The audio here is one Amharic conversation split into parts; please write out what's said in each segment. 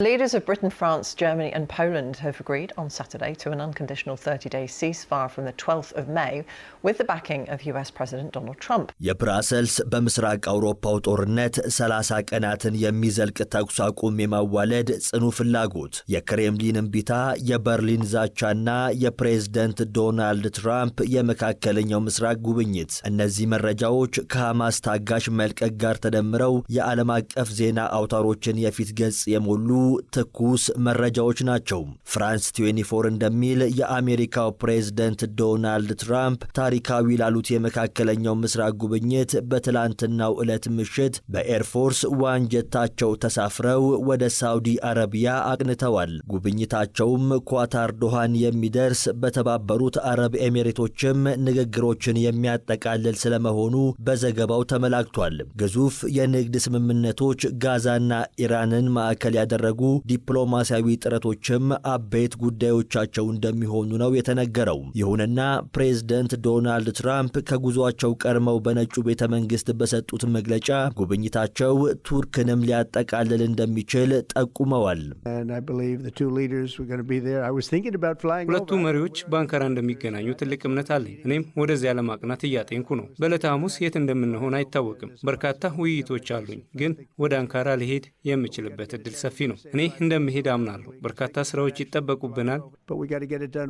Leaders of Britain, France, Germany and Poland have agreed on Saturday to an unconditional 30-day ceasefire from the 12th of May with the backing of US President Donald Trump። የብራሰልስ በምስራቅ አውሮፓው ጦርነት 30 ቀናትን የሚዘልቅ ተኩስ አቁም የማዋለድ ጽኑ ፍላጎት፣ የክሬምሊን እምቢታ፣ የበርሊን ዛቻና የፕሬዝደንት ዶናልድ ትራምፕ የመካከለኛው ምስራቅ ጉብኝት። እነዚህ መረጃዎች ከሐማስ ታጋሽ መልቀቅ ጋር ተደምረው የዓለም አቀፍ ዜና አውታሮችን የፊት ገጽ የሞሉ ትኩስ መረጃዎች ናቸው። ፍራንስ 24 እንደሚል የአሜሪካው ፕሬዝደንት ዶናልድ ትራምፕ ታሪካዊ ላሉት የመካከለኛው ምስራቅ ጉብኝት በትላንትናው ዕለት ምሽት በኤርፎርስ ዋን ጀታቸው ተሳፍረው ወደ ሳውዲ አረቢያ አቅንተዋል። ጉብኝታቸውም ኳታር ዶሃን የሚደርስ በተባበሩት አረብ ኤሚሬቶችም ንግግሮችን የሚያጠቃልል ስለመሆኑ በዘገባው ተመላክቷል። ግዙፍ የንግድ ስምምነቶች ጋዛና ኢራንን ማዕከል ያደረጉ የሚደረጉ ዲፕሎማሲያዊ ጥረቶችም አበይት ጉዳዮቻቸው እንደሚሆኑ ነው የተነገረው። ይሁንና ፕሬዝደንት ዶናልድ ትራምፕ ከጉዟቸው ቀድመው በነጩ ቤተ መንግስት በሰጡት መግለጫ ጉብኝታቸው ቱርክንም ሊያጠቃልል እንደሚችል ጠቁመዋል። ሁለቱ መሪዎች በአንካራ እንደሚገናኙ ትልቅ እምነት አለኝ። እኔም ወደዚያ ለማቅናት እያጤንኩ ነው። በዕለተ ሐሙስ የት እንደምንሆን አይታወቅም። በርካታ ውይይቶች አሉኝ፣ ግን ወደ አንካራ ሊሄድ የምችልበት እድል ሰፊ ነው። እኔ እንደምሄድ አምናለሁ። በርካታ ስራዎች ይጠበቁብናል።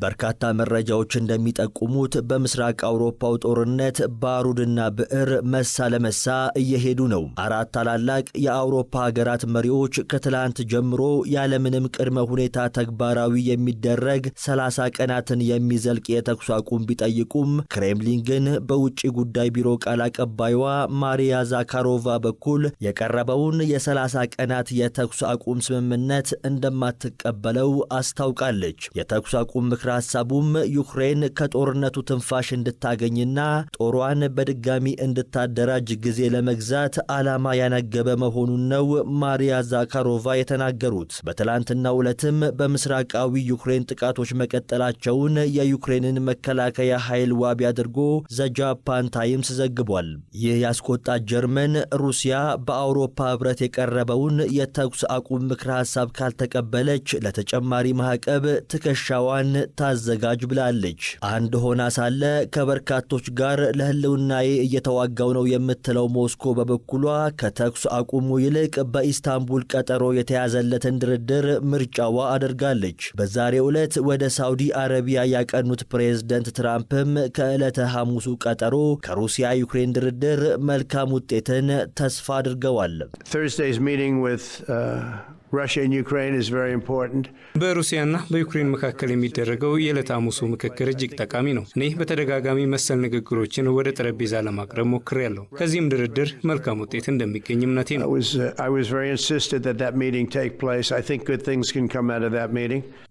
በርካታ መረጃዎች እንደሚጠቁሙት በምስራቅ አውሮፓው ጦርነት ባሩድና ብዕር መሳ ለመሳ እየሄዱ ነው። አራት ታላላቅ የአውሮፓ ሀገራት መሪዎች ከትላንት ጀምሮ ያለምንም ቅድመ ሁኔታ ተግባራዊ የሚደረግ 30 ቀናትን የሚዘልቅ የተኩስ አቁም ቢጠይቁም ክሬምሊን ግን በውጭ ጉዳይ ቢሮ ቃል አቀባይዋ ማሪያ ዛካሮቫ በኩል የቀረበውን የ30 ቀናት የተኩስ አቁም ስምምነት ስምምነት እንደማትቀበለው አስታውቃለች። የተኩስ አቁም ምክረ ሀሳቡም ዩክሬን ከጦርነቱ ትንፋሽ እንድታገኝና ጦሯን በድጋሚ እንድታደራጅ ጊዜ ለመግዛት ዓላማ ያነገበ መሆኑን ነው ማሪያ ዛካሮቫ የተናገሩት። በትላንትናው ዕለትም በምስራቃዊ ዩክሬን ጥቃቶች መቀጠላቸውን የዩክሬንን መከላከያ ኃይል ዋቢ አድርጎ ዘጃፓን ታይምስ ዘግቧል። ይህ ያስቆጣት ጀርመን ሩሲያ በአውሮፓ ህብረት የቀረበውን የተኩስ አቁም ምክረ ሐሳብ ካልተቀበለች ለተጨማሪ ማዕቀብ ትከሻዋን ታዘጋጅ ብላለች። አንድ ሆና ሳለ ከበርካቶች ጋር ለህልውናዬ እየተዋጋው ነው የምትለው ሞስኮ በበኩሏ ከተኩስ አቁሙ ይልቅ በኢስታንቡል ቀጠሮ የተያዘለትን ድርድር ምርጫዋ አድርጋለች። በዛሬ ዕለት ወደ ሳውዲ አረቢያ ያቀኑት ፕሬዝደንት ትራምፕም ከዕለተ ሐሙሱ ቀጠሮ ከሩሲያ ዩክሬን ድርድር መልካም ውጤትን ተስፋ አድርገዋል። በሩሲያና በዩክሬን መካከል የሚደረገው የዕለት ሐሙሱ ምክክር እጅግ ጠቃሚ ነው። እኔ በተደጋጋሚ መሰል ንግግሮችን ወደ ጠረጴዛ ለማቅረብ ሞክሬያለሁ። ከዚህም ድርድር መልካም ውጤት እንደሚገኝ እምነቴ ነው። uh,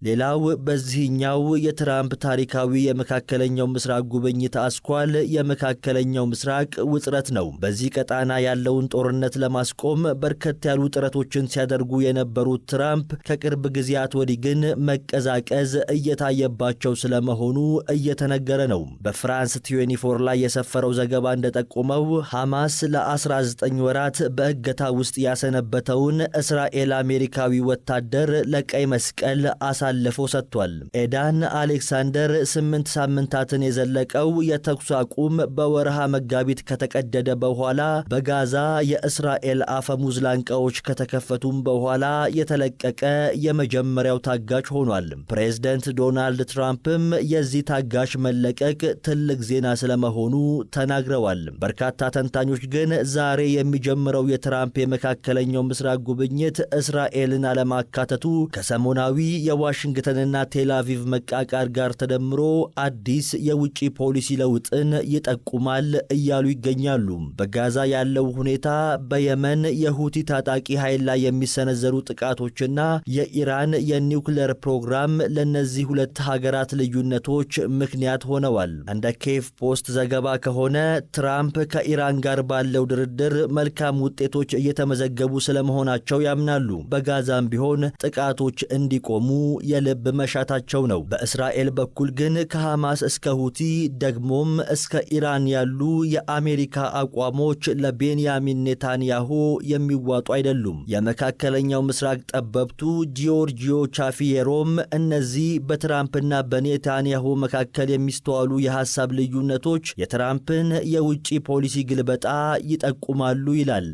ሌላው በዚህኛው የትራምፕ ታሪካዊ የመካከለኛው ምስራቅ ጉብኝት አስኳል የመካከለኛው ምስራቅ ውጥረት ነው። በዚህ ቀጣና ያለውን ጦርነት ለማስቆም በርከት ያሉ ጥረቶችን ሲያደርጉ የነበ የነበሩት ትራምፕ ከቅርብ ጊዜያት ወዲህ ግን መቀዛቀዝ እየታየባቸው ስለመሆኑ እየተነገረ ነው። በፍራንስ ትዌኒፎር ላይ የሰፈረው ዘገባ እንደጠቆመው ሐማስ ለ19 ወራት በእገታ ውስጥ ያሰነበተውን እስራኤል አሜሪካዊ ወታደር ለቀይ መስቀል አሳልፎ ሰጥቷል። ኤዳን አሌክሳንደር ስምንት ሳምንታትን የዘለቀው የተኩስ አቁም በወርሃ መጋቢት ከተቀደደ በኋላ በጋዛ የእስራኤል አፈሙዝ ላንቃዎች ከተከፈቱም በኋላ የተለቀቀ የመጀመሪያው ታጋች ሆኗል። ፕሬዝደንት ዶናልድ ትራምፕም የዚህ ታጋች መለቀቅ ትልቅ ዜና ስለመሆኑ ተናግረዋል። በርካታ ተንታኞች ግን ዛሬ የሚጀምረው የትራምፕ የመካከለኛው ምስራቅ ጉብኝት እስራኤልን አለማካተቱ ከሰሞናዊ የዋሽንግተንና ቴላቪቭ መቃቃር ጋር ተደምሮ አዲስ የውጭ ፖሊሲ ለውጥን ይጠቁማል እያሉ ይገኛሉ። በጋዛ ያለው ሁኔታ፣ በየመን የሁቲ ታጣቂ ኃይል ላይ የሚሰነዘሩ ጥቃቶችና የኢራን የኒውክሌር ፕሮግራም ለእነዚህ ሁለት ሀገራት ልዩነቶች ምክንያት ሆነዋል። እንደ ኬፍ ፖስት ዘገባ ከሆነ ትራምፕ ከኢራን ጋር ባለው ድርድር መልካም ውጤቶች እየተመዘገቡ ስለመሆናቸው ያምናሉ። በጋዛም ቢሆን ጥቃቶች እንዲቆሙ የልብ መሻታቸው ነው። በእስራኤል በኩል ግን ከሐማስ እስከ ሁቲ ደግሞም እስከ ኢራን ያሉ የአሜሪካ አቋሞች ለቤንያሚን ኔታንያሁ የሚዋጡ አይደሉም። የመካከለኛው ምስራቅ ጠበብቱ ጂዮርጂዮ ቻፊየሮም እነዚህ በትራምፕና በኔታንያሁ መካከል የሚስተዋሉ የሀሳብ ልዩነቶች የትራምፕን የውጭ ፖሊሲ ግልበጣ ይጠቁማሉ ይላል።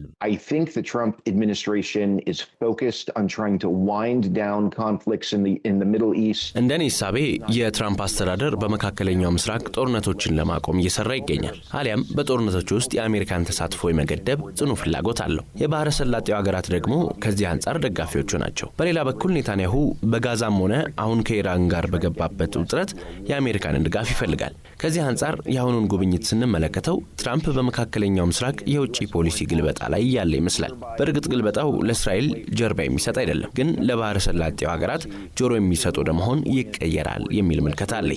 እንደ ሳቤ የትራምፕ አስተዳደር በመካከለኛው ምስራቅ ጦርነቶችን ለማቆም እየሰራ ይገኛል። አሊያም በጦርነቶች ውስጥ የአሜሪካን ተሳትፎ የመገደብ ጽኑ ፍላጎት አለው። የባህረ ሰላጤው ሀገራት ደግሞ ከዚህ አንጻር ደጋፊዎቹ ናቸው። በሌላ በኩል ኔታንያሁ በጋዛም ሆነ አሁን ከኢራን ጋር በገባበት ውጥረት የአሜሪካንን ድጋፍ ይፈልጋል። ከዚህ አንጻር የአሁኑን ጉብኝት ስንመለከተው ትራምፕ በመካከለኛው ምስራቅ የውጭ ፖሊሲ ግልበጣ ላይ ያለ ይመስላል። በእርግጥ ግልበጣው ለእስራኤል ጀርባ የሚሰጥ አይደለም፣ ግን ለባህረ ሰላጤው ሀገራት ጆሮ የሚሰጡ ለመሆን ይቀየራል የሚል ምልከታ አለ።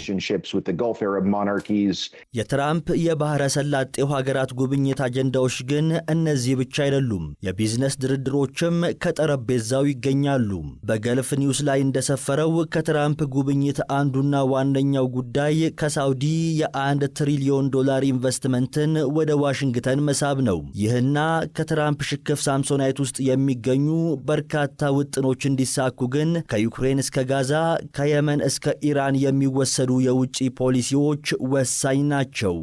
የትራምፕ የባህረ ሰላጤው ሀገራት ጉብኝት አጀንዳዎች ግን እነዚህ ብቻ አይደሉም። የቢዝነስ ድርድሮችም ከጠረጴዛ በዛው ይገኛሉ። በገልፍ ኒውስ ላይ እንደሰፈረው ከትራምፕ ጉብኝት አንዱና ዋነኛው ጉዳይ ከሳውዲ የአንድ ትሪሊዮን ዶላር ኢንቨስትመንትን ወደ ዋሽንግተን መሳብ ነው። ይህና ከትራምፕ ሽክፍ ሳምሶናይት ውስጥ የሚገኙ በርካታ ውጥኖች እንዲሳኩ ግን ከዩክሬን እስከ ጋዛ፣ ከየመን እስከ ኢራን የሚወሰዱ የውጭ ፖሊሲዎች ወሳኝ ናቸው።